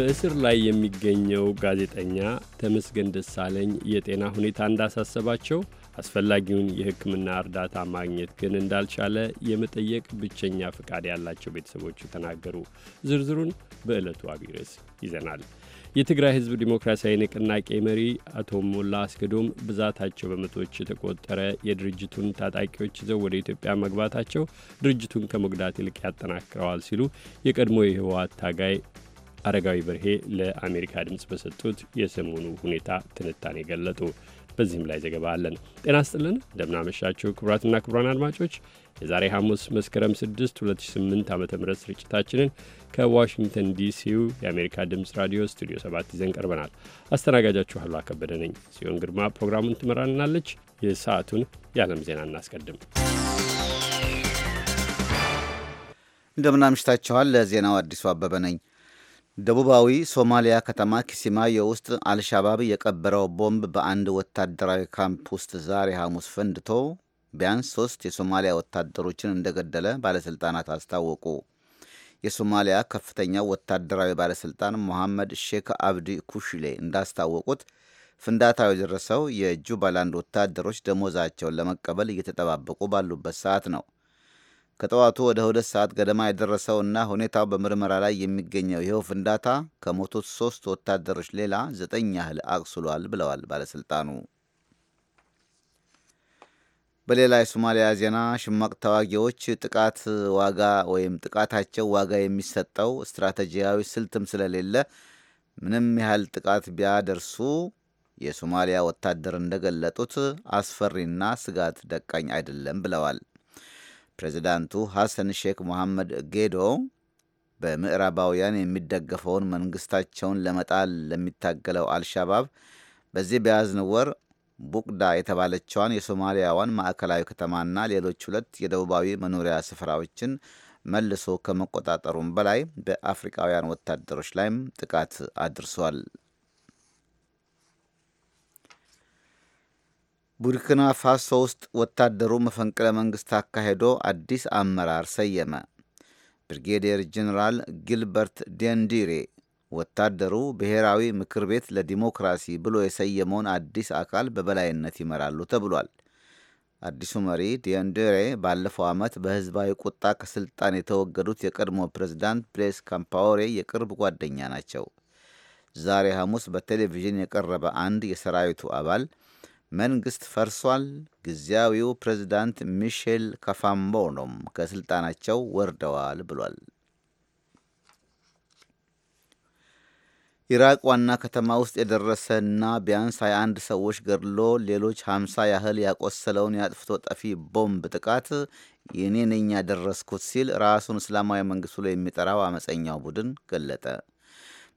በእስር ላይ የሚገኘው ጋዜጠኛ ተመስገን ደሳለኝ የጤና ሁኔታ እንዳሳሰባቸው አስፈላጊውን የሕክምና እርዳታ ማግኘት ግን እንዳልቻለ የመጠየቅ ብቸኛ ፍቃድ ያላቸው ቤተሰቦቹ ተናገሩ። ዝርዝሩን በዕለቱ አብይ ርዕስ ይዘናል። የትግራይ ሕዝብ ዲሞክራሲያዊ ንቅናቄ መሪ አቶ ሞላ አስገዶም ብዛታቸው በመቶዎች የተቆጠረ የድርጅቱን ታጣቂዎች ይዘው ወደ ኢትዮጵያ መግባታቸው ድርጅቱን ከመጉዳት ይልቅ ያጠናክረዋል ሲሉ የቀድሞ የህወሓት ታጋይ አረጋዊ በርሄ ለአሜሪካ ድምፅ በሰጡት የሰሞኑ ሁኔታ ትንታኔ ገለጡ። በዚህም ላይ ዘገባ አለን። ጤና ስጥልን፣ እንደምናመሻችሁ ክቡራትና ክቡራን አድማጮች የዛሬ ሐሙስ መስከረም 6 2008 ዓ ም ስርጭታችንን ከዋሽንግተን ዲሲው የአሜሪካ ድምፅ ራዲዮ ስቱዲዮ 7 ይዘን ቀርበናል። አስተናጋጃችሁ አሉ አከበደ ነኝ። ጽዮን ግርማ ፕሮግራሙን ትመራናለች። የሰዓቱን የዓለም ዜና እናስቀድም። እንደምናምሽታችኋል። ለዜናው አዲሱ አበበ ነኝ። ደቡባዊ ሶማሊያ ከተማ ኪሲማዮ ውስጥ አልሻባብ የቀበረው ቦምብ በአንድ ወታደራዊ ካምፕ ውስጥ ዛሬ ሐሙስ ፈንድቶ ቢያንስ ሶስት የሶማሊያ ወታደሮችን እንደገደለ ባለሥልጣናት አስታወቁ። የሶማሊያ ከፍተኛው ወታደራዊ ባለሥልጣን ሞሐመድ ሼክ አብዲ ኩሽሌ እንዳስታወቁት ፍንዳታው የደረሰው የጁባላንድ ወታደሮች ደሞዛቸውን ለመቀበል እየተጠባበቁ ባሉበት ሰዓት ነው። ከጠዋቱ ወደ ሁለት ሰዓት ገደማ የደረሰውና ሁኔታው በምርመራ ላይ የሚገኘው ይኸው ፍንዳታ ከሞቱት ሶስት ወታደሮች ሌላ ዘጠኝ ያህል አቁስሏል ብለዋል ባለሥልጣኑ። በሌላ የሶማሊያ ዜና ሽማቅ ተዋጊዎች ጥቃት ዋጋ ወይም ጥቃታቸው ዋጋ የሚሰጠው ስትራቴጂያዊ ስልትም ስለሌለ ምንም ያህል ጥቃት ቢያደርሱ የሶማሊያ ወታደር እንደገለጡት አስፈሪና ስጋት ደቃኝ አይደለም ብለዋል። ፕሬዚዳንቱ ሐሰን ሼክ መሐመድ ጌዶ በምዕራባውያን የሚደገፈውን መንግስታቸውን ለመጣል ለሚታገለው አልሻባብ በዚህ በያዝነው ወር ቡቅዳ የተባለችዋን የሶማሊያዋን ማዕከላዊ ከተማና ሌሎች ሁለት የደቡባዊ መኖሪያ ስፍራዎችን መልሶ ከመቆጣጠሩም በላይ በአፍሪቃውያን ወታደሮች ላይም ጥቃት አድርሷል። ቡርኪና ፋሶ ውስጥ ወታደሩ መፈንቅለ መንግሥት አካሄዶ አዲስ አመራር ሰየመ። ብሪጌዲየር ጀኔራል ጊልበርት ዴንዲሬ ወታደሩ ብሔራዊ ምክር ቤት ለዲሞክራሲ ብሎ የሰየመውን አዲስ አካል በበላይነት ይመራሉ ተብሏል። አዲሱ መሪ ዲንዴሬ ባለፈው ዓመት በሕዝባዊ ቁጣ ከስልጣን የተወገዱት የቀድሞ ፕሬዝዳንት ፕሌስ ካምፓወሬ የቅርብ ጓደኛ ናቸው። ዛሬ ሐሙስ በቴሌቪዥን የቀረበ አንድ የሰራዊቱ አባል መንግስት ፈርሷል፣ ጊዜያዊው ፕሬዚዳንት ሚሼል ካፋምቦኖም ከስልጣናቸው ወርደዋል ብሏል። ኢራቅ ዋና ከተማ ውስጥ የደረሰና ቢያንስ 21 ሰዎች ገድሎ ሌሎች 50 ያህል ያቆሰለውን የአጥፍቶ ጠፊ ቦምብ ጥቃት የኔ ነኝ ያደረስኩት ሲል ራሱን እስላማዊ መንግስት ብሎ የሚጠራው አመፀኛው ቡድን ገለጠ።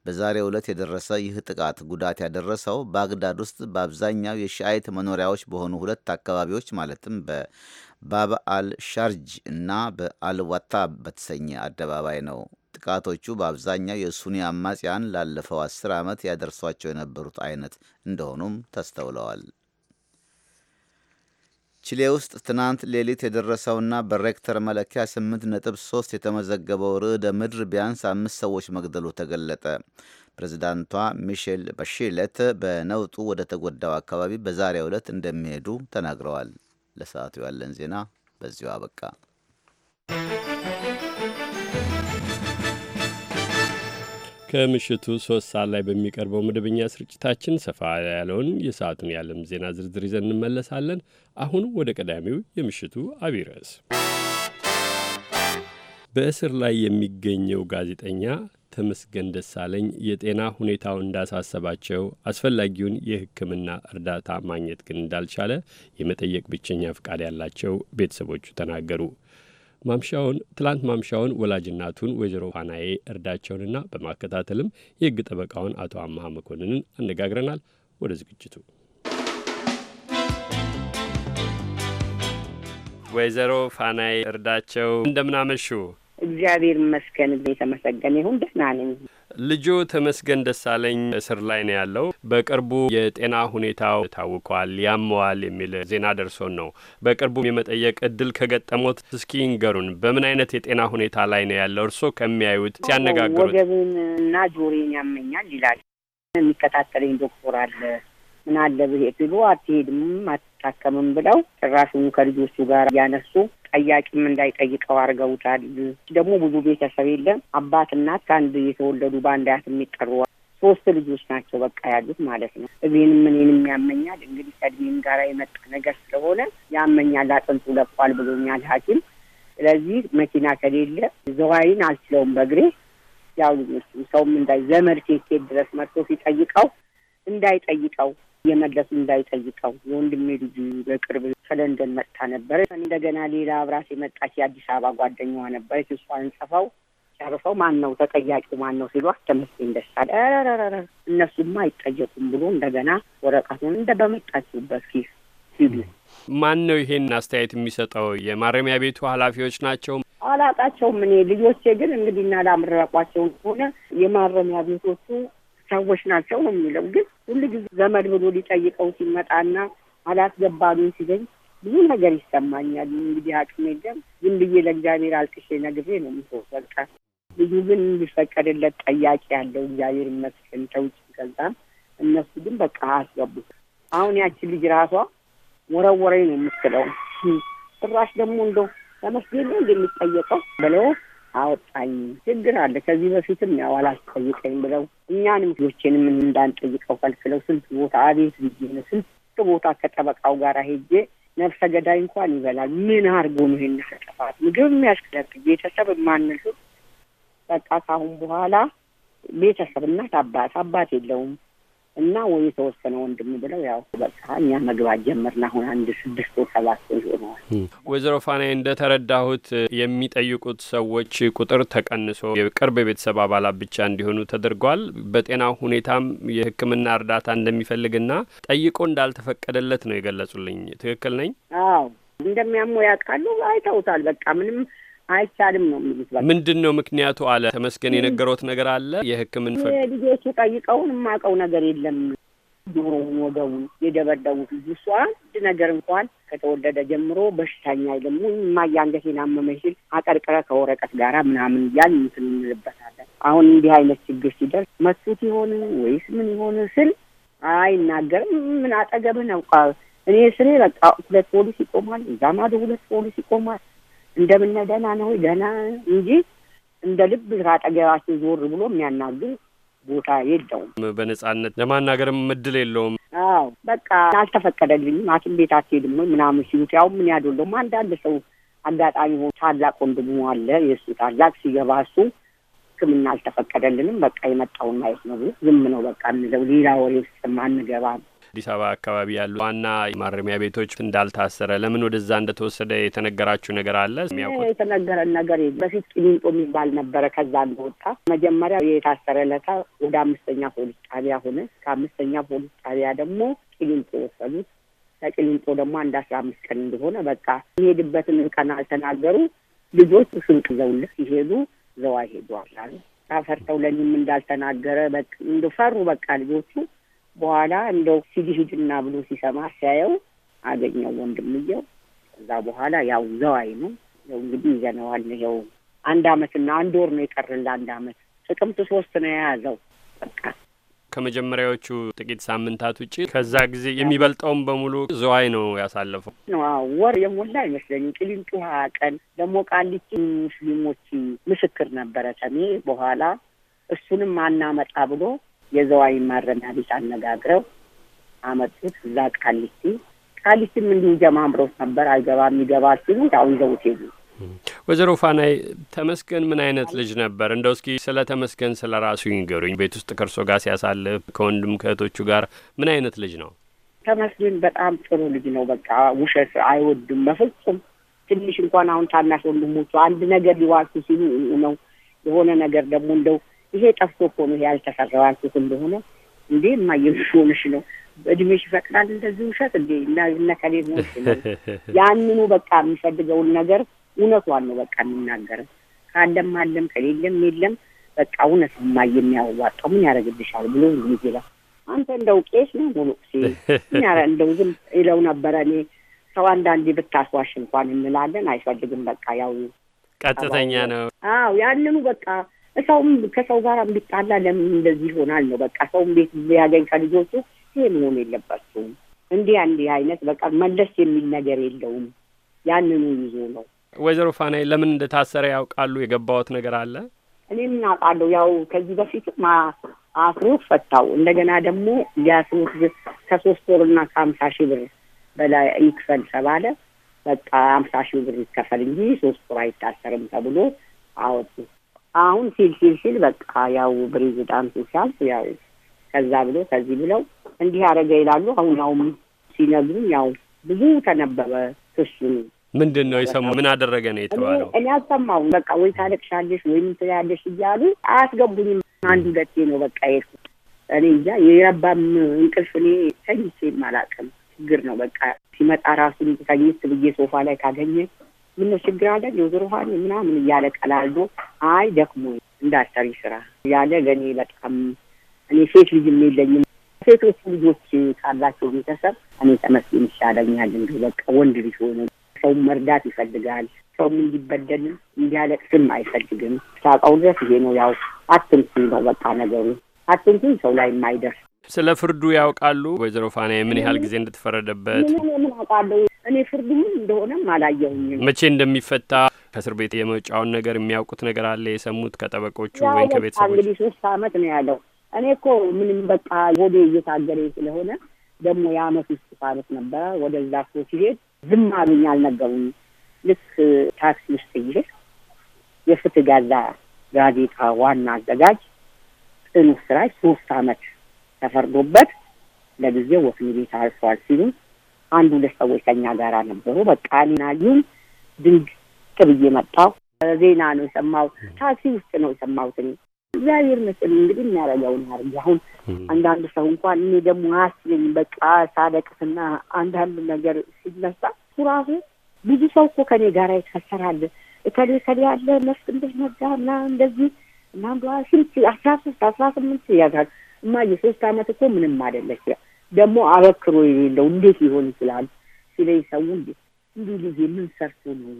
በዛሬው ዕለት የደረሰ ይህ ጥቃት ጉዳት ያደረሰው ባግዳድ ውስጥ በአብዛኛው የሻይት መኖሪያዎች በሆኑ ሁለት አካባቢዎች ማለትም በባብ አል ሻርጅ እና በአልዋታ በተሰኘ አደባባይ ነው። ጥቃቶቹ በአብዛኛው የሱኒ አማጽያን ላለፈው አስር ዓመት ያደርሷቸው የነበሩት አይነት እንደሆኑም ተስተውለዋል። ቺሌ ውስጥ ትናንት ሌሊት የደረሰውና በሬክተር መለኪያ 8.3 የተመዘገበው ርዕደ ምድር ቢያንስ አምስት ሰዎች መግደሉ ተገለጠ። ፕሬዚዳንቷ ሚሼል በሺለት በነውጡ ወደ ተጎዳው አካባቢ በዛሬው ዕለት እንደሚሄዱ ተናግረዋል። ለሰዓቱ ያለን ዜና በዚሁ አበቃ። ከምሽቱ ሶስት ሰዓት ላይ በሚቀርበው መደበኛ ስርጭታችን ሰፋ ያለውን የሰዓቱን የዓለም ዜና ዝርዝር ይዘን እንመለሳለን። አሁን ወደ ቀዳሚው የምሽቱ አቢረስ ርዕስ በእስር ላይ የሚገኘው ጋዜጠኛ ተመስገን ደሳለኝ የጤና ሁኔታው እንዳሳሰባቸው አስፈላጊውን የሕክምና እርዳታ ማግኘት ግን እንዳልቻለ የመጠየቅ ብቸኛ ፍቃድ ያላቸው ቤተሰቦቹ ተናገሩ። ማምሻውን ትላንት ማምሻውን ወላጅናቱን ወይዘሮ ፋናዬ እርዳቸውንና በማከታተልም የሕግ ጠበቃውን አቶ አመሀ መኮንንን አነጋግረናል። ወደ ዝግጅቱ ወይዘሮ ፋናዬ እርዳቸው እንደምናመሹ። እግዚአብሔር ይመስገን የተመሰገነ ይሁን። ደህና ነኝ። ልጆ ተመስገን ደሳለኝ እስር ላይ ነው ያለው። በቅርቡ የጤና ሁኔታው ታውቋል፣ ያመዋል የሚል ዜና ደርሶን ነው በቅርቡ የመጠየቅ እድል ከገጠሞት እስኪ ንገሩን፣ በምን አይነት የጤና ሁኔታ ላይ ነው ያለው? እርስዎ ከሚያዩት ሲያነጋግሩት። ወገብን እና ጆሬን ያመኛል ይላል። የሚከታተለኝ ዶክተር አለ ምን አለ ሲሉ አትሄድም አትታከምም ብለው ጭራሹን ከልጆቹ ጋር እያነሱ ጠያቂም እንዳይጠይቀው አድርገውታል። ደግሞ ብዙ ቤተሰብ የለም። አባት እናት ከአንድ የተወለዱ በአንድ አያት የሚጠሩ ሶስት ልጆች ናቸው በቃ ያሉት ማለት ነው። እኔንም እኔንም ያመኛል እንግዲህ ከእድሜም ጋር የመጣ ነገር ስለሆነ ያመኛል። አጥንቱ ለቋል ብሎኛል ሐኪም። ስለዚህ መኪና ከሌለ ዘዋይን አልችለውም በእግሬ ያው ልጆቹ ሰውም እንዳይ ዘመድ ሴት ድረስ መጥቶ ሲጠይቀው እንዳይጠይቀው የመለስ እንዳይጠይቀው የወንድሜ ልጅ በቅርብ ከለንደን መጥታ ነበረ። እንደገና ሌላ አብራት የመጣች የአዲስ አበባ ጓደኛዋ ነበረች። እሷን ጽፈው ጨርሰው ማን ነው ተጠያቂው ማን ነው ሲሉ ተመስገን ደሳለ ረረረ እነሱማ አይጠየቁም ብሎ እንደገና ወረቀቱን እንደ በመጣችሁበት ኪስ ሲሉ ማን ነው ይሄን አስተያየት የሚሰጠው? የማረሚያ ቤቱ ኃላፊዎች ናቸው አላቃቸውም። እኔ ልጆቼ ግን እንግዲህ እና ላምረቋቸውን ከሆነ የማረሚያ ቤቶቹ ሰዎች ናቸው ነው የሚለው። ግን ሁሉ ጊዜ ዘመድ ብሎ ሊጠይቀው ሲመጣና አላስገባሉን ሲገኝ ብዙ ነገር ይሰማኛል። እንግዲህ አቅሜ የለም ዝም ብዬ ለእግዚአብሔር አልቅሼ ነግሬ ነው ምሆ በቃ ልጁ ግን እንዲፈቀድለት ጠያቂ ያለው እግዚአብሔር ይመስገን ተውጭ ገዛም እነሱ ግን በቃ አስገቡ። አሁን ያችን ልጅ ራሷ ወረወረኝ ነው የምትለው። ጭራሽ ደግሞ እንደው ለመስጌ ነው እንደሚጠየቀው ብለው አወጣኝ። ችግር አለ። ከዚህ በፊትም ያው አላስጠይቀኝ ብለው እኛንም ልጆቼንም እንዳንጠይቀው ከልክለው ስንት ቦታ አቤት ብዬ ስንት ቦታ ከጠበቃው ጋር ሄጄ ነፍሰ ገዳይ እንኳን ይበላል ምን አድርጎ ነው ይሄን ጠፋት ምግብ የሚያስክለብ ቤተሰብ የማንል በቃ ካሁን በኋላ ቤተሰብ እናት አባት አባት የለውም እና ወይ የተወሰነ ወንድም ብለው ያው በቃ እኛ መግባት ጀመርን። አሁን አንድ ስድስት ሰባት ሆነዋል። ወይዘሮ ፋና እንደተረዳሁት የሚጠይቁት ሰዎች ቁጥር ተቀንሶ የቅርብ የቤተሰብ አባላት ብቻ እንዲሆኑ ተደርጓል። በጤና ሁኔታም የሕክምና እርዳታ እንደሚፈልግና ጠይቆ እንዳልተፈቀደለት ነው የገለጹልኝ። ትክክል ነኝ? አዎ እንደሚያሙ ያውቃሉ። አይተውታል። በቃ ምንም አይቻልም ነው የሚሉት። ምንድን ነው ምክንያቱ? አለ ተመስገን የነገሮት ነገር አለ የህክምን ልጆቹ ጠይቀውን የማውቀው ነገር የለም። ጆሮውን ወገቡን የደበደቡት ልጅ እሷ አንድ ነገር እንኳን ከተወለደ ጀምሮ በሽተኛ አይደለም። እማዬ አንገቴን ሲል አቀርቅረ ከወረቀት ጋራ ምናምን እያል እንትን እንልበታለን። አሁን እንዲህ አይነት ችግር ሲደርስ መቱት ይሆን ወይስ ምን ይሆን ስል አይናገርም። ምን አጠገብህ ነው እኔ ስሬ በቃ ሁለት ፖሊስ ይቆማል፣ እዛ ማዶ ሁለት ፖሊስ ይቆማል። እንደምን ደህና ነው ደህና እንጂ እንደ ልብ ከአጠገባችን ዞር ብሎ የሚያናግር ቦታ የለውም። በነጻነት ለማናገርም እድል የለውም። አዎ በቃ አልተፈቀደልኝም፣ ሐኪም ቤት አትሄድም ወይ ምናምን ሲሉት ያው ምን ያደው ደግሞ አንዳንድ ሰው አጋጣሚ ሆኖ ታላቅ ወንድሙ አለ የእሱ ታላቅ ሲገባ እሱ ሕክምና አልተፈቀደልንም በቃ የመጣውን ማየት ነው ብሎ ዝም ነው በቃ እንለው ሌላ ወሬ ውስጥ አንገባም። አዲስ አበባ አካባቢ ያሉ ዋና ማረሚያ ቤቶች እንዳልታሰረ ለምን ወደዛ እንደተወሰደ የተነገራችሁ ነገር አለ? የተነገረን ነገር በፊት ቂሊንጦ የሚባል ነበረ። ከዛ እንደወጣ መጀመሪያ የታሰረ ለታ ወደ አምስተኛ ፖሊስ ጣቢያ ሆነ። ከአምስተኛ ፖሊስ ጣቢያ ደግሞ ቂሊንጦ ወሰዱት። ከቂሊንጦ ደግሞ አንድ አስራ አምስት ቀን እንደሆነ በቃ የሚሄድበትን ቀን አልተናገሩ። ልጆች ስንቅ ዘውልህ ይሄዱ ዘዋ ይሄዱ አሉ። ፈርተው ለኒም እንዳልተናገረ እንደ እንደፈሩ በቃ ልጆቹ በኋላ እንደው ሲግሂድና ብሎ ሲሰማ ሲያየው አገኘው ወንድምየው። ከዛ በኋላ ያው ዘዋይ ነው ያው እንግዲህ ይዘነዋል። ያው አንድ አመትና አንድ ወር ነው የቀረን ለአንድ አመት። ጥቅምት ሶስት ነው የያዘው በቃ ከመጀመሪያዎቹ ጥቂት ሳምንታት ውጭ ከዛ ጊዜ የሚበልጠውን በሙሉ ዝዋይ ነው ያሳለፈው። ወር የሞላ አይመስለኝም። ቂሊንጦ ሀያ ቀን ደግሞ ቃሊቲ ሙስሊሞች ምስክር ነበረ ከኔ በኋላ እሱንም አናመጣ ብሎ የዘዋይ ማረሚያ ቤት አነጋግረው አመጡት። እዛ ቃሊቲ ቃሊቲም እንዲሁ ጀማምሮት ነበር። አይገባም ይገባል ሲሉ ያው ይዘውት ሄዱ። ወይዘሮ ፋናይ ተመስገን ምን አይነት ልጅ ነበር? እንደው እስኪ ስለ ተመስገን ስለ ራሱ ይንገሩኝ። ቤት ውስጥ ከእርሶ ጋር ሲያሳልፍ ከወንድም ከእህቶቹ ጋር ምን አይነት ልጅ ነው? ተመስገን በጣም ጥሩ ልጅ ነው። በቃ ውሸት አይወድም በፍጹም። ትንሽ እንኳን አሁን ታናሽ ወንድሞቹ አንድ ነገር ሊዋሱ ሲሉ ነው የሆነ ነገር ደግሞ እንደው ይሄ ጠፍቶ እኮ ነው ያልተሰራው አልኩት እንደሆነ እንዴ የማየምሾንሽ ነው እድሜሽ ይፈቅዳል እንደዚህ ውሸት እንዴ እና እነከሌ ሆንሽ ነው ያንኑ በቃ የሚፈልገውን ነገር እውነቷን ነው በቃ የሚናገረው ካለም አለም ከሌለም የለም በቃ እውነት ማ የሚያዋጣው ምን ያደርግልሻል ብሎ ሚዜላ አንተ እንደው ቄስ ነው ሙሉቅሴ ምን ያረ እንደው ዝም ይለው ነበረ እኔ ሰው አንዳንዴ ብታስዋሽ እንኳን እንላለን አይፈልግም በቃ ያው ቀጥተኛ ነው አዎ ያንኑ በቃ ሰውም ከሰው ጋር ቢጣላ ለምን እንደዚህ ይሆናል ነው በቃ ሰውም ቤት ሊያገኝ ከልጆቹ ይሄ መሆን የለባቸውም። እንዲህ አንዲህ አይነት በቃ መለስ የሚል ነገር የለውም። ያንኑ ይዞ ነው። ወይዘሮ ፋናይ ለምን እንደታሰረ ያውቃሉ? የገባዎት ነገር አለ? እኔ ምን አውቃለሁ። ያው ከዚህ በፊት አስሮ ፈታው። እንደገና ደግሞ ሊያስሩት ከሶስት ወርና ከአምሳ ሺህ ብር በላይ ይክፈል ተባለ። በቃ አምሳ ሺህ ብር ይከፈል እንጂ ሶስት ወር አይታሰርም ተብሎ አወጡት። አሁን ሲል ሲል ሲል በቃ ያው ፕሬዚዳንቱ ሲያልፍ ያው ከዛ ብሎ ከዚህ ብለው እንዲህ አደረገ ይላሉ። አሁን ያውም ሲነግሩኝ ያው ብዙ ተነበበ ክሱን ምንድን ነው የሰሙ? ምን አደረገ ነው የተባለው? እኔ አልሰማው በቃ ወይ ታለቅሻለሽ ወይም ትላለሽ እያሉ አያስገቡኝም። አንድ ሁለቴ ነው በቃ የት እኔ እንጃ የረባም እንቅልፍ እኔ ተኝቼም አላውቅም። ችግር ነው በቃ ሲመጣ ራሱ ተኝት ብዬ ሶፋ ላይ ካገኘ ምነው ችግር አለ የወይዘሮ ውሀኔ ምናምን እያለ ቀላልዶ አይ ደክሞ እንዳሰሪ ስራ ያለ ለእኔ በጣም እኔ ሴት ልጅም የለኝም ሴቶቹ ልጆች ካላቸው ቤተሰብ እኔ ተመስገን ይሻለኛል። እንግዲህ በቃ ወንድ ልጅ ሆነ ሰው መርዳት ይፈልጋል። ሰውም እንዲበደልም እንዲያለቅስም አይፈልግም። ሳቀው ድረስ ይሄ ነው ያው አትንኩኝ ነው በቃ ነገሩ አትንኩኝ ሰው ላይ የማይደርስ ስለ ፍርዱ ያውቃሉ ወይዘሮ ፋና የምን ያህል ጊዜ እንደተፈረደበት? ምን አውቃለሁ እኔ ፍርዱ ምን እንደሆነም አላየሁኝም። መቼ እንደሚፈታ ከእስር ቤት የመውጫውን ነገር የሚያውቁት ነገር አለ? የሰሙት ከጠበቆቹ ወይም ከቤተሰቦች? እንግዲህ ሶስት አመት ነው ያለው። እኔ እኮ ምንም በቃ ወደ እየታገለኝ ስለሆነ ደግሞ የአመት ውስጥ ሳሉት ነበረ። ወደዛ እኮ ሲሄድ ዝም አሉኝ፣ አልነገሩኝ። ልክ ታክሲ ውስጥ ይሄድ የፍትህ ጋዛ ጋዜጣ ዋና አዘጋጅ ጽኑ ስራች ሶስት አመት ተፈርዶበት ለጊዜው ወህኒ ቤት አርፏል ሲሉ አንድ ሁለት ሰዎች ከኛ ጋር ነበሩ። በቃ እኔን አዩኝ። ድንግጥ ብዬ መጣሁ። ዜና ነው የሰማው፣ ታክሲ ውስጥ ነው የሰማሁት። እግዚአብሔር ይመስገን እንግዲህ የሚያደርገውን ያርግ። አሁን አንዳንድ ሰው እንኳን እኔ ደግሞ አያስብኝ በቃ ሳለቅስና አንዳንድ ነገር ሲነሳ ራሱ ብዙ ሰው እኮ ከኔ ጋር ይከሰራል እከሌ እከሌ ያለ መስክ እንደነጋ እና እንደዚህ እና አንዱ ስንት አስራ ሶስት አስራ ስምንት ያዛል እማ የሶስት አመት እኮ ምንም አይደለች ደግሞ አበክሮ የሌለው እንዴት ሊሆን ይችላል ሲለኝ ሰው እንዲህ ልጅ ምን ሰርቶ ነው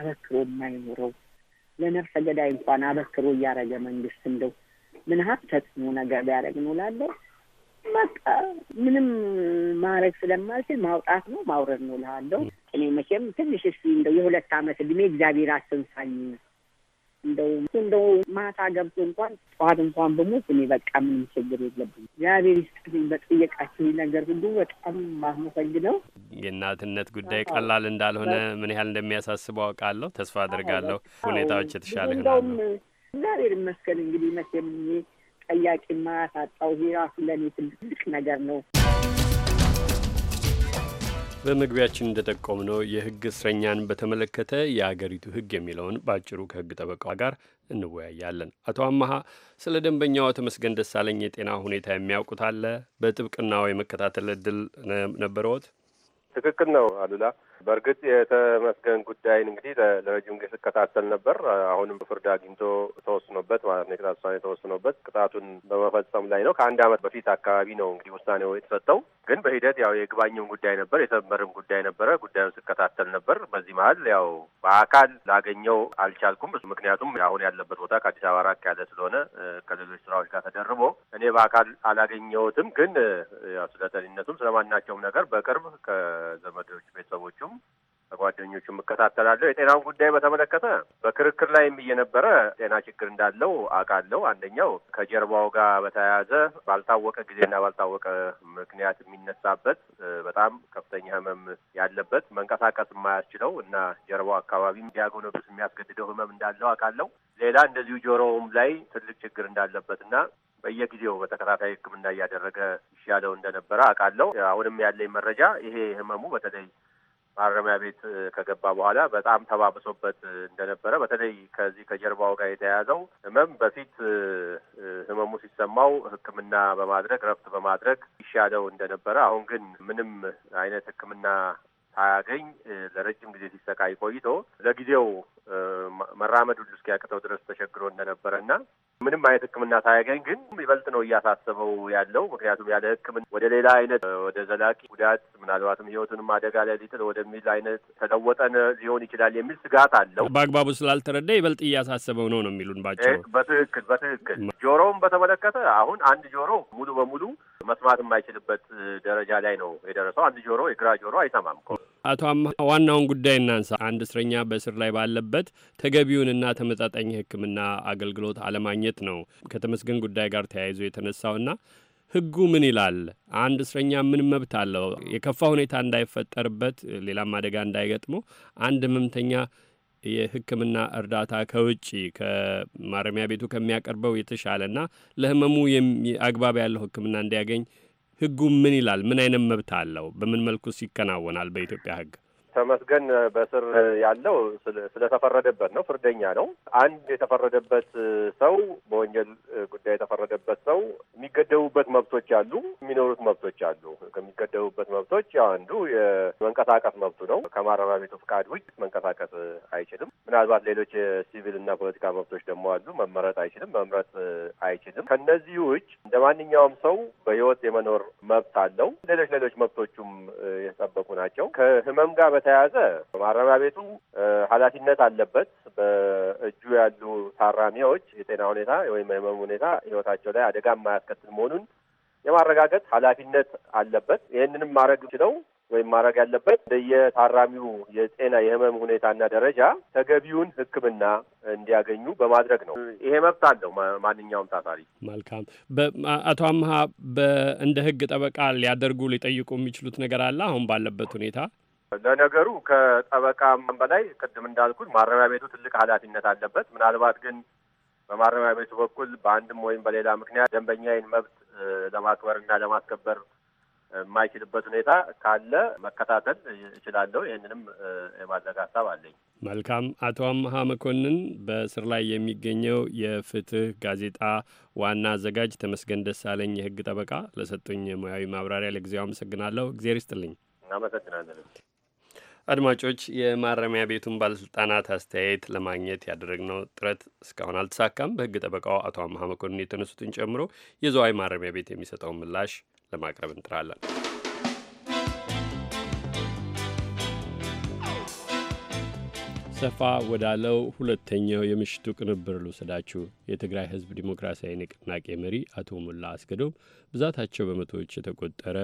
አበክሮ የማይኖረው ለነፍሰ ገዳይ እንኳን አበክሮ እያደረገ መንግስት እንደው ምን ሀብ ተጽዕኖ ነገር ቢያደረግ ነው ላለው በቃ ምንም ማድረግ ስለማልችል ማውጣት ነው ማውረድ ነው ላለው እኔ መቼም ትንሽ እስኪ እንደው የሁለት አመት እድሜ እግዚአብሔር አስንሳኝ እንደው እንደው ማታ ገብቶ እንኳን ጠዋት እንኳን በሞት እኔ በቃ ምንም ችግር የለብኝ። እግዚአብሔር ይስጥልኝ። በጠየቃችሁኝ ነገር ሁሉ በጣም ማመሰግነው። የእናትነት ጉዳይ ቀላል እንዳልሆነ ምን ያህል እንደሚያሳስበው አውቃለሁ። ተስፋ አድርጋለሁ ሁኔታዎች የተሻለ ይሆናሉ። እግዚአብሔር ይመስገን። እንግዲህ መቼም ጠያቂ ማያሳጣው ይሄ ራሱ ለእኔ ትልቅ ነገር ነው። በመግቢያችን እንደጠቆምነው የሕግ እስረኛን በተመለከተ የአገሪቱ ሕግ የሚለውን በአጭሩ ከሕግ ጠበቃ ጋር እንወያያለን። አቶ አመሀ ስለ ደንበኛው ተመስገን ደሳለኝ የጤና ሁኔታ የሚያውቁት አለ? በጥብቅናው የመከታተል እድል ነበረዎት? ትክክል ነው አሉላ። በእርግጥ የተመስገን ጉዳይን እንግዲህ ለረጅም ጊዜ ስከታተል ነበር። አሁንም ፍርድ አግኝቶ ተወስኖበት ማለት ነው፣ የቅጣት ውሳኔ ተወስኖበት ቅጣቱን በመፈጸም ላይ ነው። ከአንድ አመት በፊት አካባቢ ነው እንግዲህ ውሳኔው የተሰጠው። ግን በሂደት ያው የግባኝም ጉዳይ ነበር፣ የተመርም ጉዳይ ነበረ። ጉዳዩን ስከታተል ነበር። በዚህ መሀል ያው በአካል ላገኘው አልቻልኩም። ምክንያቱም አሁን ያለበት ቦታ ከአዲስ አበባ ራቅ ያለ ስለሆነ ከሌሎች ስራዎች ጋር ተደርቦ እኔ በአካል አላገኘሁትም። ግን ያው ስለማናቸውም ነገር በቅርብ ከዘመዶች ቤተሰቦቹም ጓደኞቹ እከታተላለሁ። የጤናውን ጉዳይ በተመለከተ በክርክር ላይ እየነበረ ጤና ችግር እንዳለው አውቃለሁ። አንደኛው ከጀርባው ጋር በተያያዘ ባልታወቀ ጊዜና ባልታወቀ ምክንያት የሚነሳበት በጣም ከፍተኛ ሕመም ያለበት መንቀሳቀስ የማያስችለው እና ጀርባው አካባቢ ዲያጎኖብስ የሚያስገድደው ሕመም እንዳለው አውቃለሁ። ሌላ እንደዚሁ ጆሮውም ላይ ትልቅ ችግር እንዳለበት እና በየጊዜው በተከታታይ ሕክምና እያደረገ ይሻለው እንደነበረ አውቃለሁ። አሁንም ያለኝ መረጃ ይሄ ሕመሙ በተለይ ማረሚያ ቤት ከገባ በኋላ በጣም ተባብሶበት እንደነበረ በተለይ ከዚህ ከጀርባው ጋር የተያያዘው ህመም በፊት ህመሙ ሲሰማው ሕክምና በማድረግ ረፍት በማድረግ ይሻለው እንደነበረ አሁን ግን ምንም አይነት ሕክምና ሳያገኝ ለረጅም ጊዜ ሲሰቃይ ቆይቶ ለጊዜው መራመዱ እስኪያቅተው ድረስ ተቸግሮ እንደነበረ እና ምንም አይነት ሕክምና ሳያገኝ ግን ይበልጥ ነው እያሳሰበው ያለው። ምክንያቱም ያለ ሕክምና ወደ ሌላ አይነት ወደ ዘላቂ ጉዳት ምናልባትም ህይወቱንም አደጋ ላይ ሊጥል ወደሚል አይነት ተለወጠን ሊሆን ይችላል የሚል ስጋት አለው። በአግባቡ ስላልተረዳ ይበልጥ እያሳሰበው ነው ነው የሚሉን ባቸው። በትክክል በትክክል ጆሮውን በተመለከተ አሁን አንድ ጆሮ ሙሉ በሙሉ መስማት የማይችልበት ደረጃ ላይ ነው የደረሰው። አንድ ጆሮ የግራ ጆሮ አይሰማም አቶ ዋናውን ጉዳይ እናንሳ። አንድ እስረኛ በእስር ላይ ባለበት ተገቢውንና ተመጣጣኝ ሕክምና አገልግሎት አለማግኘት ነው ከተመስገን ጉዳይ ጋር ተያይዞ የተነሳውና ህጉ ምን ይላል? አንድ እስረኛ ምን መብት አለው? የከፋ ሁኔታ እንዳይፈጠርበት፣ ሌላም አደጋ እንዳይገጥመው አንድ ህመምተኛ የሕክምና እርዳታ ከውጭ ከማረሚያ ቤቱ ከሚያቀርበው የተሻለና ለህመሙ አግባብ ያለው ሕክምና እንዲያገኝ ህጉ ምን ይላል? ምን አይነት መብት አለው? በምን መልኩስ ይከናወናል? በኢትዮጵያ ህግ ተመስገን በስር ያለው ስለተፈረደበት ነው። ፍርደኛ ነው። አንድ የተፈረደበት ሰው በወንጀል ጉዳይ የተፈረደበት ሰው የሚገደቡበት መብቶች አሉ፣ የሚኖሩት መብቶች አሉ። ከሚገደቡበት መብቶች ያው አንዱ የመንቀሳቀስ መብቱ ነው። ከማረሚያ ቤቱ ፍቃድ ውጭ መንቀሳቀስ አይችልም። ምናልባት ሌሎች የሲቪል እና ፖለቲካ መብቶች ደግሞ አሉ። መመረጥ አይችልም፣ መምረጥ አይችልም። ከነዚህ ውጭ እንደ ማንኛውም ሰው በህይወት የመኖር መብት አለው። ሌሎች ሌሎች መብቶቹም የተጠበቁ ናቸው። ከህመም ጋር በተያያዘ ማረሚያ ቤቱ ኃላፊነት አለበት። በእጁ ያሉ ታራሚዎች የጤና ሁኔታ ወይም የህመም ሁኔታ ህይወታቸው ላይ አደጋ የማያስከትል መሆኑን የማረጋገጥ ኃላፊነት አለበት። ይህንንም ማድረግ ችለው ወይም ማድረግ ያለበት እንደየታራሚው የጤና የህመም ሁኔታና ደረጃ ተገቢውን ሕክምና እንዲያገኙ በማድረግ ነው። ይሄ መብት አለው ማንኛውም ታሳሪ። መልካም። አቶ አምሀ እንደ ህግ ጠበቃ ሊያደርጉ ሊጠይቁ የሚችሉት ነገር አለ አሁን ባለበት ሁኔታ ለነገሩ ከጠበቃም በላይ ቅድም እንዳልኩት ማረሚያ ቤቱ ትልቅ ኃላፊነት አለበት። ምናልባት ግን በማረሚያ ቤቱ በኩል በአንድም ወይም በሌላ ምክንያት ደንበኛዬን መብት ለማክበርና ለማስከበር የማይችልበት ሁኔታ ካለ መከታተል እችላለሁ። ይህንንም የማድረግ ሀሳብ አለኝ። መልካም። አቶ አመሀ መኮንን በስር ላይ የሚገኘው የፍትህ ጋዜጣ ዋና አዘጋጅ ተመስገን ደሳለኝ የህግ ጠበቃ፣ ለሰጡኝ ሙያዊ ማብራሪያ ለጊዜው አመሰግናለሁ። እግዜር ይስጥልኝ። አመሰግናለሁ። አድማጮች የማረሚያ ቤቱን ባለስልጣናት አስተያየት ለማግኘት ያደረግነው ጥረት እስካሁን አልተሳካም። በህግ ጠበቃው አቶ አምሃ መኮንን የተነሱትን ጨምሮ የዘዋይ ማረሚያ ቤት የሚሰጠውን ምላሽ ለማቅረብ እንጥራለን። ሰፋ ወዳለው ሁለተኛው የምሽቱ ቅንብር ልውሰዳችሁ። የትግራይ ህዝብ ዲሞክራሲያዊ ንቅናቄ መሪ አቶ ሙላ አስገዶም ብዛታቸው በመቶዎች የተቆጠረ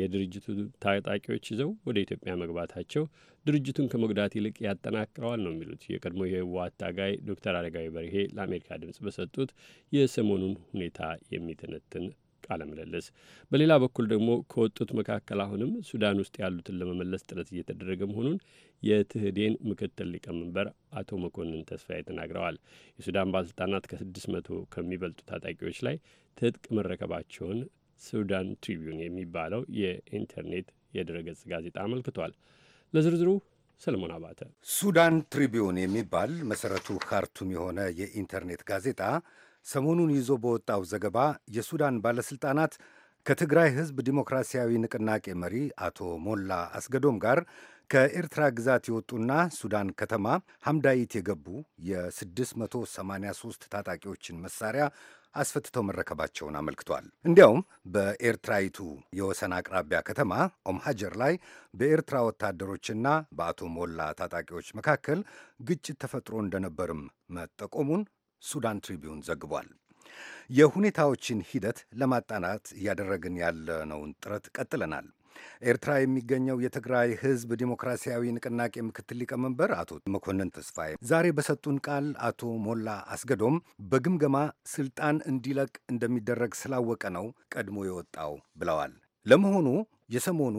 የድርጅቱ ታጣቂዎች ይዘው ወደ ኢትዮጵያ መግባታቸው ድርጅቱን ከመጉዳት ይልቅ ያጠናክረዋል ነው የሚሉት የቀድሞ የህወሓት ታጋይ ዶክተር አረጋዊ በርሄ ለአሜሪካ ድምፅ በሰጡት የሰሞኑን ሁኔታ የሚተነትን ቃለ ምልልስ። በሌላ በኩል ደግሞ ከወጡት መካከል አሁንም ሱዳን ውስጥ ያሉትን ለመመለስ ጥረት እየተደረገ መሆኑን የትህዴን ምክትል ሊቀመንበር አቶ መኮንን ተስፋዬ ተናግረዋል። የሱዳን ባለስልጣናት ከስድስት መቶ ከሚበልጡ ታጣቂዎች ላይ ትጥቅ መረከባቸውን ሱዳን ትሪቢዩን የሚባለው የኢንተርኔት የድረገጽ ጋዜጣ አመልክቷል። ለዝርዝሩ ሰለሞን አባተ። ሱዳን ትሪቢዩን የሚባል መሠረቱ ካርቱም የሆነ የኢንተርኔት ጋዜጣ ሰሞኑን ይዞ በወጣው ዘገባ የሱዳን ባለሥልጣናት ከትግራይ ሕዝብ ዲሞክራሲያዊ ንቅናቄ መሪ አቶ ሞላ አስገዶም ጋር ከኤርትራ ግዛት የወጡና ሱዳን ከተማ ሐምዳይት የገቡ የ683 ታጣቂዎችን መሳሪያ አስፈትተው መረከባቸውን አመልክቷል። እንዲያውም በኤርትራይቱ የወሰን አቅራቢያ ከተማ ኦምሃጀር ላይ በኤርትራ ወታደሮችና በአቶ ሞላ ታጣቂዎች መካከል ግጭት ተፈጥሮ እንደነበርም መጠቆሙን ሱዳን ትሪቢዩን ዘግቧል። የሁኔታዎችን ሂደት ለማጣናት እያደረግን ያለነውን ጥረት ቀጥለናል። ኤርትራ የሚገኘው የትግራይ ህዝብ ዲሞክራሲያዊ ንቅናቄ ምክትል ሊቀመንበር አቶ መኮንን ተስፋዬ ዛሬ በሰጡን ቃል አቶ ሞላ አስገዶም በግምገማ ስልጣን እንዲለቅ እንደሚደረግ ስላወቀ ነው ቀድሞ የወጣው ብለዋል። ለመሆኑ የሰሞኑ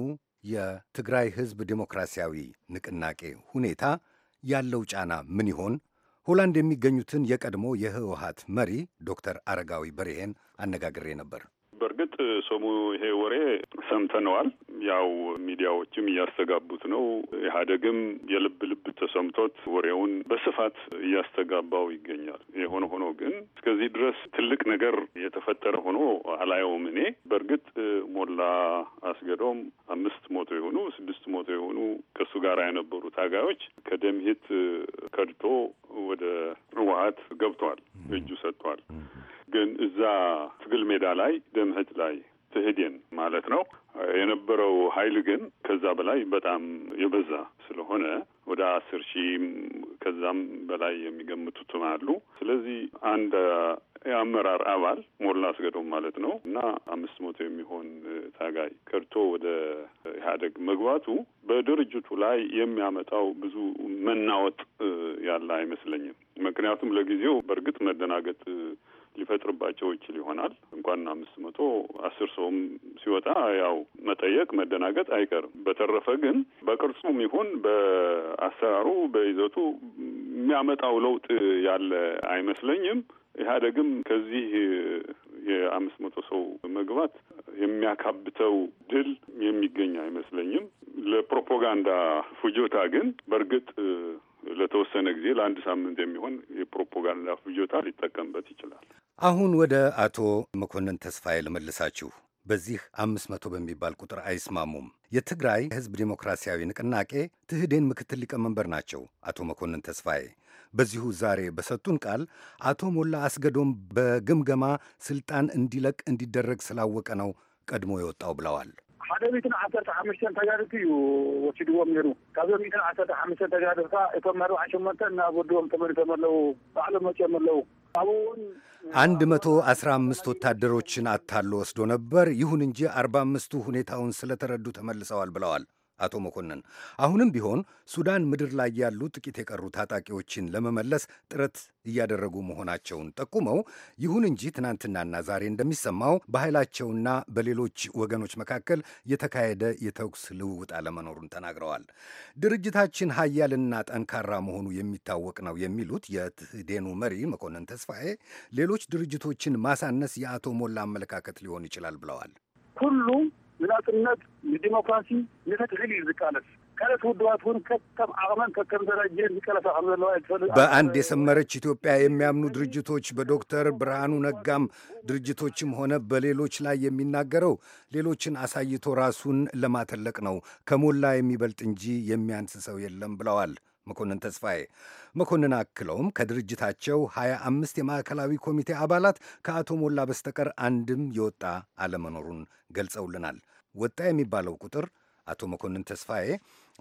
የትግራይ ህዝብ ዲሞክራሲያዊ ንቅናቄ ሁኔታ ያለው ጫና ምን ይሆን? ሆላንድ የሚገኙትን የቀድሞ የህወሀት መሪ ዶክተር አረጋዊ በርሄን አነጋግሬ ነበር። ሰሙ ይሄ ወሬ ሰምተነዋል። ያው ሚዲያዎችም እያስተጋቡት ነው። ኢህአዴግም የልብ ልብ ተሰምቶት ወሬውን በስፋት እያስተጋባው ይገኛል። የሆነ ሆኖ ግን እስከዚህ ድረስ ትልቅ ነገር የተፈጠረ ሆኖ አላየውም። እኔ በእርግጥ ሞላ አስገዶም አምስት ሞቶ የሆኑ ስድስት ሞቶ የሆኑ ከእሱ ጋር የነበሩ ታጋዮች ከደምህት ከድቶ ወደ ህወሀት ገብተዋል፣ እጁ ሰጥቷል። ግን እዛ ትግል ሜዳ ላይ ደምህት ላይ ትህድን ማለት ነው የነበረው ሀይል ግን ከዛ በላይ በጣም የበዛ ስለሆነ ወደ አስር ሺህ ከዛም በላይ የሚገምቱትም አሉ። ስለዚህ አንድ የአመራር አባል ሞላ አስገዶም ማለት ነው እና አምስት መቶ የሚሆን ታጋይ ከድቶ ወደ ኢህአደግ መግባቱ በድርጅቱ ላይ የሚያመጣው ብዙ መናወጥ ያለ አይመስለኝም። ምክንያቱም ለጊዜው በእርግጥ መደናገጥ ሊፈጥርባቸው ይችል ይሆናል። እንኳን አምስት መቶ አስር ሰውም ሲወጣ ያው መጠየቅ መደናገጥ አይቀርም። በተረፈ ግን በቅርጹም ይሁን በአሰራሩ በይዘቱ የሚያመጣው ለውጥ ያለ አይመስለኝም። ኢህአዴግም ከዚህ የአምስት መቶ ሰው መግባት የሚያካብተው ድል የሚገኝ አይመስለኝም። ለፕሮፓጋንዳ ፍጆታ ግን በእርግጥ ለተወሰነ ጊዜ ለአንድ ሳምንት የሚሆን የፕሮፓጋንዳ ፍጆታ ሊጠቀምበት ይችላል። አሁን ወደ አቶ መኮንን ተስፋዬ ልመልሳችሁ። በዚህ አምስት መቶ በሚባል ቁጥር አይስማሙም። የትግራይ ህዝብ ዴሞክራሲያዊ ንቅናቄ ትህዴን ምክትል ሊቀመንበር ናቸው አቶ መኮንን ተስፋዬ። በዚሁ ዛሬ በሰጡን ቃል አቶ ሞላ አስገዶም በግምገማ ስልጣን እንዲለቅ እንዲደረግ ስላወቀ ነው ቀድሞ የወጣው ብለዋል። ሓደ ሚትን ዓሰርተ ሓሙሽተን ተጋድልቲ እዩ ወሲድዎም ነይሩ ካብዞም ሚትን ዓሰርተ ሓሙሽተን ተጋድልካ እቶም መርባዕ ሸመንተ ናብ ወድቦም ተመሊቶም ኣለዉ ባዕሎም መፅኦም ኣለዉ ኣብኡ እውን አንድ መቶ አስራ አምስት ወታደሮችን አታሎ ወስዶ ነበር። ይሁን እንጂ አርባ አምስቱ ሁኔታውን ስለተረዱ ተመልሰዋል ብለዋል። አቶ መኮንን አሁንም ቢሆን ሱዳን ምድር ላይ ያሉ ጥቂት የቀሩ ታጣቂዎችን ለመመለስ ጥረት እያደረጉ መሆናቸውን ጠቁመው፣ ይሁን እንጂ ትናንትናና ዛሬ እንደሚሰማው በኃይላቸውና በሌሎች ወገኖች መካከል የተካሄደ የተኩስ ልውውጥ አለመኖሩን ተናግረዋል። ድርጅታችን ሀያልና ጠንካራ መሆኑ የሚታወቅ ነው የሚሉት የትህዴኑ መሪ መኮንን ተስፋዬ ሌሎች ድርጅቶችን ማሳነስ የአቶ ሞላ አመለካከት ሊሆን ይችላል ብለዋል። ሁሉም ንናጽነት ንዲሞክራሲ ንፍትሒ እዩ ዝቃለስ ካልኦት ውድባት እውን ከከም ዓቕመን ከከም ደረጀን ዝቀለሳ ከም ዘለዋ ዝፈልጥ በአንድ የሰመረች ኢትዮጵያ የሚያምኑ ድርጅቶች በዶክተር ብርሃኑ ነጋም ድርጅቶችም ሆነ በሌሎች ላይ የሚናገረው ሌሎችን አሳይቶ ራሱን ለማተለቅ ነው። ከሞላ የሚበልጥ እንጂ የሚያንስ ሰው የለም ብለዋል። መኮንን ተስፋዬ። መኮንን አክለውም ከድርጅታቸው 25 የማዕከላዊ ኮሚቴ አባላት ከአቶ ሞላ በስተቀር አንድም የወጣ አለመኖሩን ገልጸውልናል። ወጣ የሚባለው ቁጥር አቶ መኮንን ተስፋዬ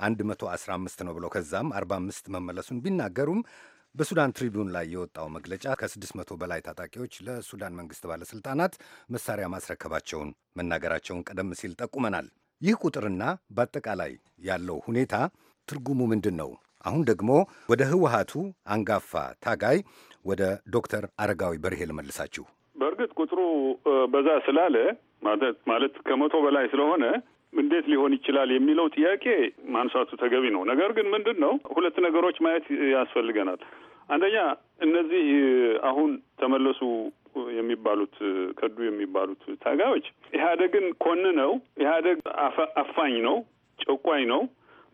115 ነው ብለው ከዛም 45 መመለሱን ቢናገሩም በሱዳን ትሪቢዩን ላይ የወጣው መግለጫ ከ600 በላይ ታጣቂዎች ለሱዳን መንግሥት ባለሥልጣናት መሳሪያ ማስረከባቸውን መናገራቸውን ቀደም ሲል ጠቁመናል። ይህ ቁጥርና በአጠቃላይ ያለው ሁኔታ ትርጉሙ ምንድን ነው? አሁን ደግሞ ወደ ህወሀቱ አንጋፋ ታጋይ ወደ ዶክተር አረጋዊ በርሄ ልመልሳችሁ። በእርግጥ ቁጥሩ በዛ ስላለ ማለት ከመቶ በላይ ስለሆነ እንዴት ሊሆን ይችላል የሚለው ጥያቄ ማንሳቱ ተገቢ ነው። ነገር ግን ምንድን ነው ሁለት ነገሮች ማየት ያስፈልገናል። አንደኛ እነዚህ አሁን ተመለሱ የሚባሉት ከዱ የሚባሉት ታጋዮች ኢህአዴግን ነው ኢህአዴግ አፋኝ ነው፣ ጨቋኝ ነው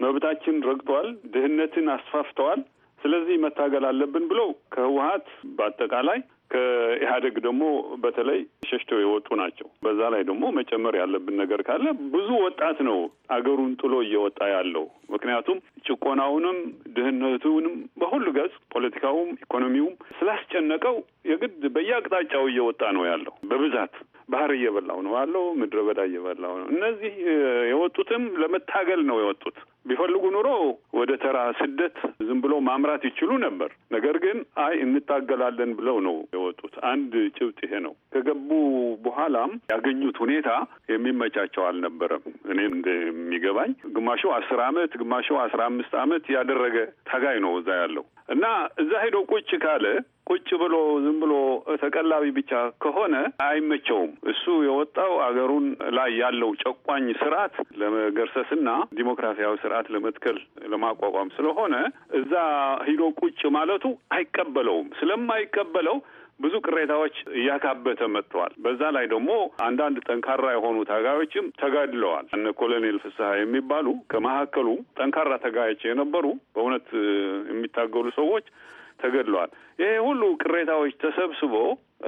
መብታችን ረግጧል ድህነትን አስፋፍተዋል፣ ስለዚህ መታገል አለብን ብለው ከህወሀት በአጠቃላይ ከኢህአደግ ደግሞ በተለይ ሸሽተው የወጡ ናቸው። በዛ ላይ ደግሞ መጨመር ያለብን ነገር ካለ ብዙ ወጣት ነው አገሩን ጥሎ እየወጣ ያለው። ምክንያቱም ጭቆናውንም ድህነቱንም በሁሉ ገጽ ፖለቲካውም ኢኮኖሚውም ስላስጨነቀው የግድ በየአቅጣጫው እየወጣ ነው ያለው በብዛት ባህር እየበላው ነው ያለው። ምድረ በዳ እየበላው ነው። እነዚህ የወጡትም ለመታገል ነው የወጡት። ቢፈልጉ ኑሮ ወደ ተራ ስደት ዝም ብሎ ማምራት ይችሉ ነበር። ነገር ግን አይ እንታገላለን ብለው ነው የወጡት። አንድ ጭብጥ ይሄ ነው። ከገቡ በኋላም ያገኙት ሁኔታ የሚመቻቸው አልነበረም። እኔ እንደሚገባኝ ግማሹ አስር አመት ግማሹ አስራ አምስት አመት ያደረገ ታጋይ ነው እዛ ያለው እና እዛ ሄዶ ቁጭ ካለ ቁጭ ብሎ ዝም ብሎ ተቀላቢ ብቻ ከሆነ አይመቸውም። እሱ የወጣው አገሩን ላይ ያለው ጨቋኝ ስርዓት ለመገርሰስና ዲሞክራሲያዊ ስርዓት ለመትከል ለማቋቋም ስለሆነ እዛ ሂዶ ቁጭ ማለቱ አይቀበለውም። ስለማይቀበለው ብዙ ቅሬታዎች እያካበተ መጥተዋል። በዛ ላይ ደግሞ አንዳንድ ጠንካራ የሆኑ ታጋዮችም ተጋድለዋል። እነ ኮሎኔል ፍስሀ የሚባሉ ከመካከሉ ጠንካራ ተጋዮች የነበሩ በእውነት የሚታገሉ ሰዎች ተገድለዋል። ይሄ ሁሉ ቅሬታዎች ተሰብስቦ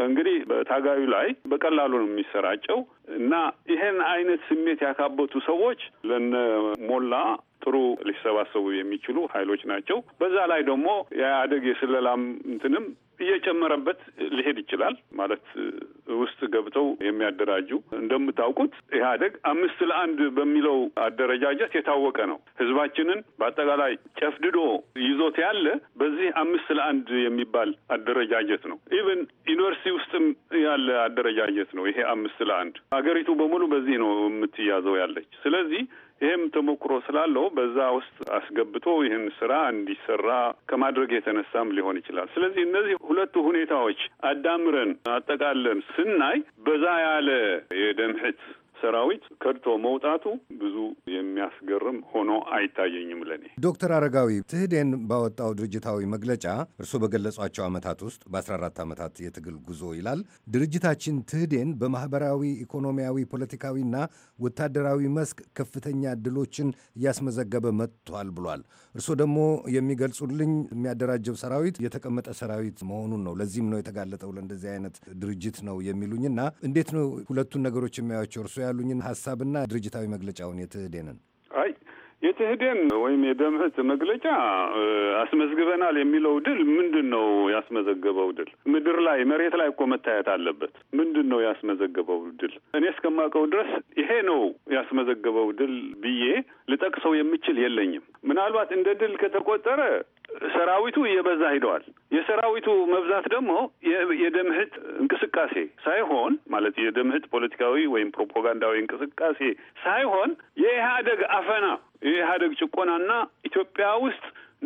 እንግዲህ በታጋዩ ላይ በቀላሉ ነው የሚሰራጨው እና ይሄን አይነት ስሜት ያካበቱ ሰዎች ለነ ሞላ ጥሩ ሊሰባሰቡ የሚችሉ ኃይሎች ናቸው። በዛ ላይ ደግሞ የኢህአዴግ የስለላ ። እንትንም እየጨመረበት ሊሄድ ይችላል። ማለት ውስጥ ገብተው የሚያደራጁ እንደምታውቁት ኢህአደግ አምስት ለአንድ በሚለው አደረጃጀት የታወቀ ነው። ህዝባችንን በአጠቃላይ ጨፍድዶ ይዞት ያለ በዚህ አምስት ለአንድ የሚባል አደረጃጀት ነው። ኢቨን ዩኒቨርሲቲ ውስጥም ያለ አደረጃጀት ነው ይሄ አምስት ለአንድ። አገሪቱ በሙሉ በዚህ ነው የምትያዘው ያለች። ስለዚህ ይህም ተሞክሮ ስላለው በዛ ውስጥ አስገብቶ ይህን ስራ እንዲሰራ ከማድረግ የተነሳም ሊሆን ይችላል። ስለዚህ እነዚህ ሁለቱ ሁኔታዎች አዳምረን አጠቃለን ስናይ በዛ ያለ የደምህት ሰራዊት ከድቶ መውጣቱ ብዙ የሚያስገርም ሆኖ አይታየኝም። ለኔ ዶክተር አረጋዊ ትህዴን ባወጣው ድርጅታዊ መግለጫ እርስዎ በገለጿቸው ዓመታት ውስጥ በ14 ዓመታት የትግል ጉዞ ይላል ድርጅታችን ትህዴን በማህበራዊ፣ ኢኮኖሚያዊ፣ ፖለቲካዊና ወታደራዊ መስክ ከፍተኛ ድሎችን እያስመዘገበ መጥቷል ብሏል። እርስዎ ደግሞ የሚገልጹልኝ የሚያደራጀው ሰራዊት የተቀመጠ ሰራዊት መሆኑን ነው። ለዚህም ነው የተጋለጠው ለእንደዚህ አይነት ድርጅት ነው የሚሉኝና እንዴት ነው ሁለቱን ነገሮች የሚያዩቸው እርስዎ? ያሉኝን ሀሳብና ድርጅታዊ መግለጫውን የትህዴንን አይ የትህደን ወይም የደምህት መግለጫ አስመዝግበናል የሚለው ድል ምንድን ነው ያስመዘገበው ድል? ምድር ላይ መሬት ላይ እኮ መታየት አለበት። ምንድን ነው ያስመዘገበው ድል? እኔ እስከማውቀው ድረስ ይሄ ነው ያስመዘገበው ድል ብዬ ልጠቅሰው የምችል የለኝም። ምናልባት እንደ ድል ከተቆጠረ ሰራዊቱ እየበዛ ሂደዋል። የሰራዊቱ መብዛት ደግሞ የደምህት እንቅስቃሴ ሳይሆን ማለት የደምህት ፖለቲካዊ ወይም ፕሮፓጋንዳዊ እንቅስቃሴ ሳይሆን የኢህአደግ አፈና የኢህአደግ ጭቆናና ኢትዮጵያ ውስጥ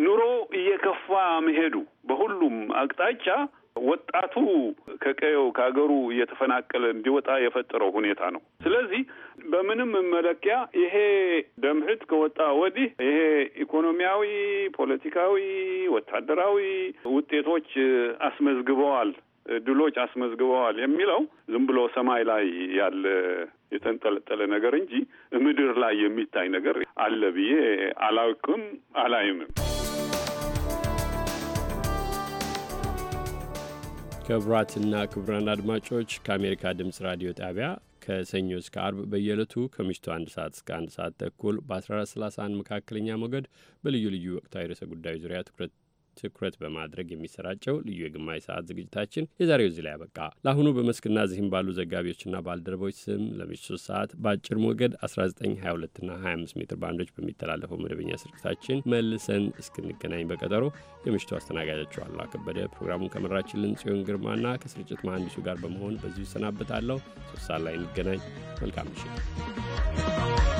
ኑሮ እየከፋ መሄዱ በሁሉም አቅጣጫ ወጣቱ ከቀየው ከሀገሩ እየተፈናቀለ እንዲወጣ የፈጠረው ሁኔታ ነው። ስለዚህ በምንም መለኪያ ይሄ ደምህት ከወጣ ወዲህ ይሄ ኢኮኖሚያዊ፣ ፖለቲካዊ፣ ወታደራዊ ውጤቶች አስመዝግበዋል ድሎች አስመዝግበዋል የሚለው ዝም ብሎ ሰማይ ላይ ያለ የተንጠለጠለ ነገር እንጂ ምድር ላይ የሚታይ ነገር አለ ብዬ አላውቅም፣ አላይምም። ክቡራትና ክቡራን አድማጮች ከአሜሪካ ድምፅ ራዲዮ ጣቢያ ከሰኞ እስከ አርብ በየዕለቱ ከምሽቱ አንድ ሰዓት እስከ አንድ ሰዓት ተኩል በ1431 መካከለኛ ሞገድ በልዩ ልዩ ወቅታዊ ርዕሰ ጉዳዮች ዙሪያ ትኩረት ትኩረት በማድረግ የሚሰራጨው ልዩ የግማሽ ሰዓት ዝግጅታችን የዛሬው እዚህ ላይ ያበቃ። ለአሁኑ በመስክና እዚህም ባሉ ዘጋቢዎችና ባልደረቦች ስም ለምሽቱ ሶስት ሰዓት በአጭር ሞገድ 1922ና 25 ሜትር ባንዶች በሚተላለፈው መደበኛ ስርጭታችን መልሰን እስክንገናኝ በቀጠሮ የምሽቱ አስተናጋጃችሁ አሉላ ከበደ፣ ፕሮግራሙን ከመራችልን ጽዮን ግርማና ከስርጭት መሐንዲሱ ጋር በመሆን በዚሁ ይሰናበታለሁ። ሶስት ሰዓት ላይ እንገናኝ። መልካም ምሽት።